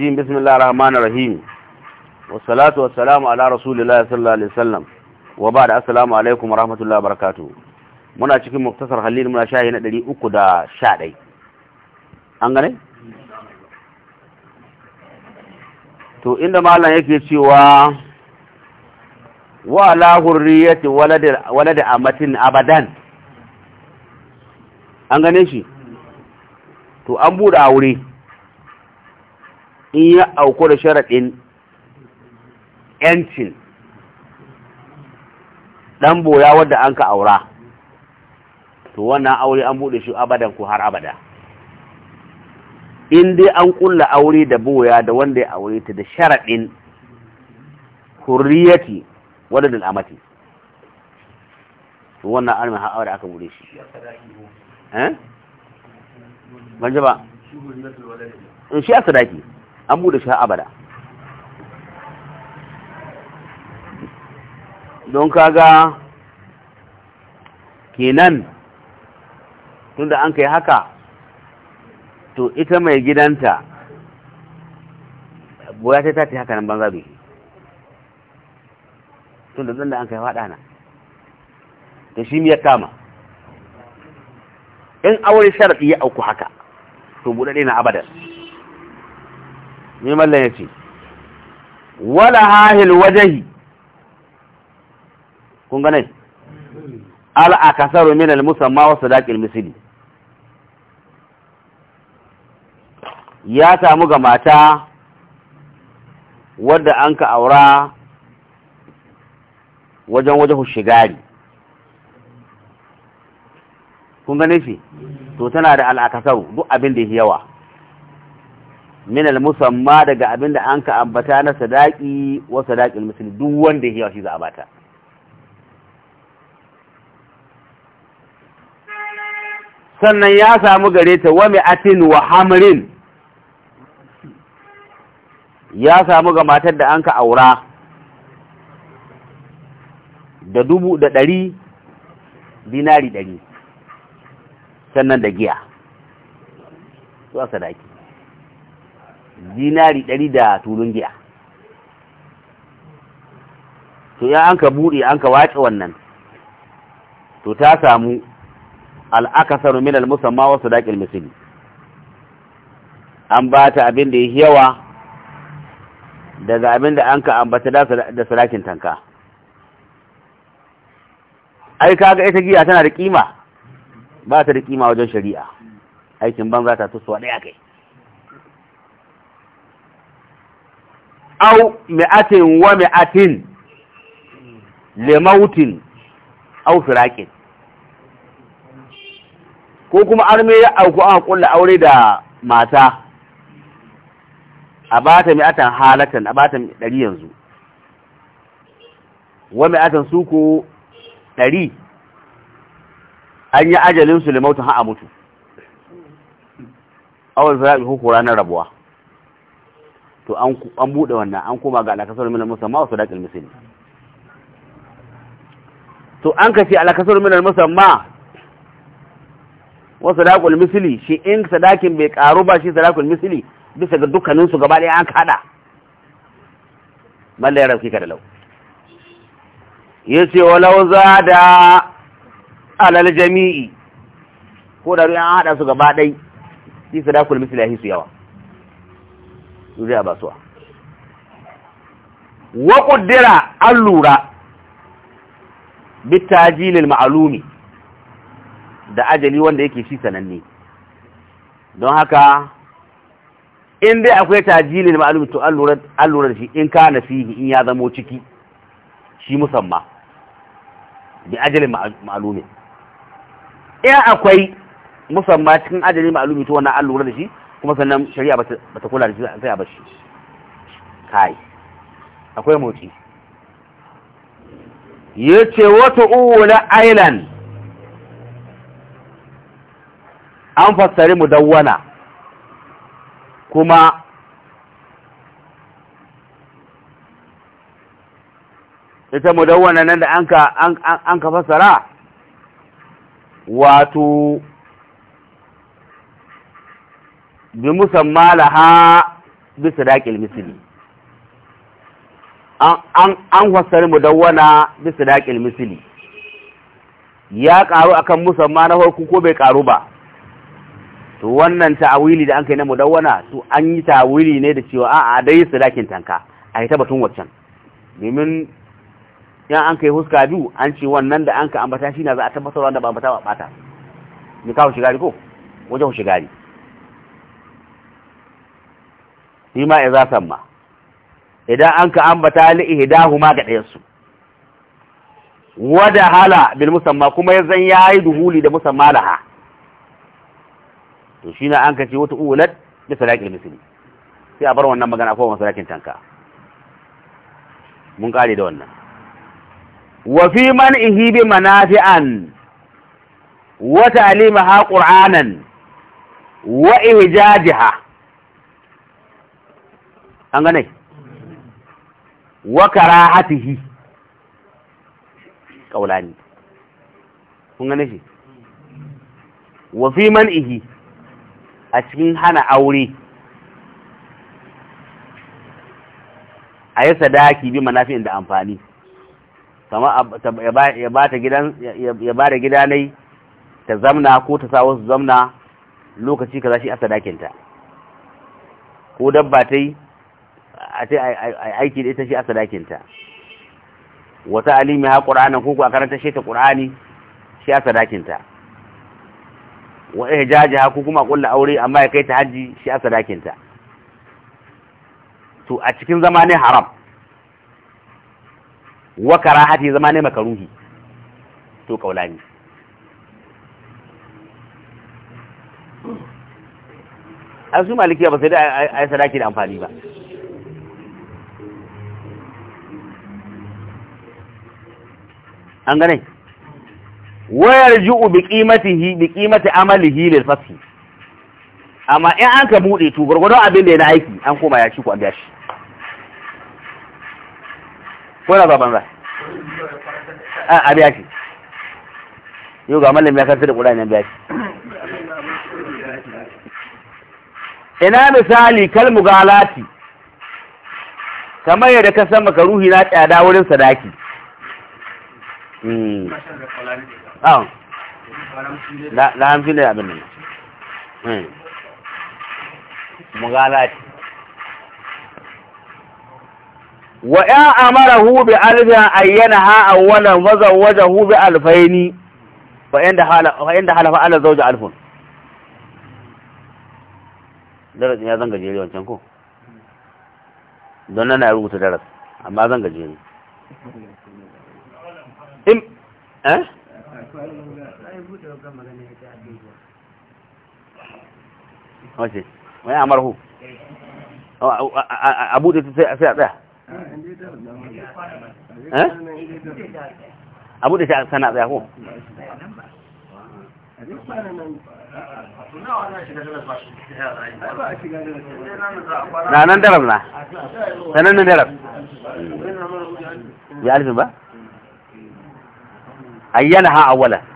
بسم الله الرحمن الرحيم والصلاة والسلام muktasar halil muna shahi na 311 an gane to inda malam yake cewa wa ala hurriyati walad walad amatin abadan an gane shi to an buɗe aure in ya auku da sharaɗin ‘yancin ɗan boya wadda an ka aura, to wannan aure an buɗe shi abadan ko har abada. In dai an ƙulla aure da boya da wanda ya aure ta da sharaɗin kuriyati wadda da amati, to wannan an ha aure aka buɗe shi. Eh? Ban ji ba? Eh, shi a sadaki. an bude shi abada don kaga kenan tunda an kai haka to ita mai gidanta goya ta tafi haka nan banza bai tunda zan da an kai faɗa na ta shi ya kama in aure sharaɗi ya auku haka to buɗaɗe na abadan mai mallan ya ce wala hahil wajahi kun gane al'akasaru min al-musamma wasu daƙil misili ya samu ga mata wadda an ka aura wajen wajen shigari kun gane shi to tana da al'akasaru duk abin da yawa min al-musamma daga da an ka ambata na sadaki wa sadaqil muslim duk wanda ya shi za a bata sannan ya samu gare ta wa mi'atin wa hamrin ya samu ga matar da an ka aura da dubu da ɗari dinari ɗari sannan da giya zuwa sadaki dinari ɗari da tulun giya to ya an ka buɗe an ka wace wannan to ta samu al'akasar min al-musamma wasu daƙil Musulmi. an ba ta abin da ya yawa daga abin da an ka ambata da sadakin tanka ai kaga ita giya tana da kima ba ta da kima wajen shari'a aikin banza ta tusuwa ɗaya kai au mi'atin wa mi'atin limautin au firakin ko kuma arme ya auku an kulla aure da mata a bata mi'atan halatan a bata ɗari yanzu wa mi'atan suko ɗari an yi ajalin su limautin ha a mutu awal firakin ko na rabuwa to an buɗe wannan an koma ga alakasar minar musamman wa daƙil misali to an kashe ce alakasar minar musamman wasu daƙil misali shi in sadakin bai ƙaru ba shi sadaƙil misali bisa ga dukkaninsu gaba ɗaya an kaɗa malla ya rauki ka da lau ya ce walau za da alal jami'i ko da ruwan an haɗa su gaba ɗai shi sadaƙil misali ya su yawa zuriya ba suwa wa ƙuddira an lura bitajilil ma'alumi da ajali wanda yake shi sananne don haka in dai akwai tajilil ma'alumi to an lura da shi in ka fi in ya zamo ciki shi musamman bi ajalin ma'alumi in akwai musamman cikin ajali ma'alumi to wannan an lura da shi kuma sannan shari'a ba ta kula da shi sai a bashi kai akwai motsi ya ce wata uwula island an fassari mu dawwana kuma ita mu dawwana nan da an ka fassara wato bi musamma laha bi sadaqil misli an an an wasar mudawwana bi sadaqil misli ya karu akan musamma na farko ko bai karu ba to wannan ta'awili da an kai na mudawwana to an yi ta'awili ne da cewa a'a dai sadaqin tanka a yi tabbatun waccan domin yan an kai huska biyu an ce wannan da an ka ambata shi na za a tabbatar wanda ba ambata ba bata ni kawo shigari ko wajen shigari shi ma iza samma idan an ka ambata li ihdahuma ga ɗayan su wada hala bil musamma kuma ya yi duhuli da musamma laha to shi na an ka ce wata ulad da salakin musulmi sai a bar wannan magana ko salakin tanka mun kare da wannan wa fi man ihibi manafi'an wa ƙur'anan qur'anan wa ihjajaha an gane wa karahatihi kaulani kun gane shi wa fi man'ihi a cikin hana aure a yi sadaki bi manafi'in da amfani kama ya ba da gida ta zamna ko ta sa wasu zamna lokaci za shi a sadakinta ko dabba ta a ce aiki da ita shi a sadakinta wata alimi ha ƙura'anin kuku a karanta shi ta ƙura'ani shi a sadakinta wa ihjaji ha kuma ƙulla aure amma ya kai ta hajji shi a sadakinta to a cikin zama ne haram wa karahati zama ne makaruhi to kaulani an su malikiya ba sai da a yi sadaki da amfani ba an gane wayar ju'u bi qimatihi bi qimati amalihi lil fathi amma in an ka bude to gurgurdan abin da yana aiki an koma ya ci ku an biya shi ko na baban zai a a biya shi yau ga mallam ya karanta da qur'ani an biya ina misali kal mugalati kamar yadda ka san makaruhi na tsada wurin sadaki Hmm. aw da hmm. abin nan hmm. mugalati wa ya amarahu bi alfin ayyana ha awwalan wa zawwajahu bi alfaini fa inda hala inda hala fa ala zawj alfun darasin ya zanga jeri wancan ko don nan na rubuta daras amma zanga jeri in eh wace wani hu a bude ta sai a tsaya a bude ta sana tsaya na nan darab na sanan nan darab ya alifin ba عينها أولا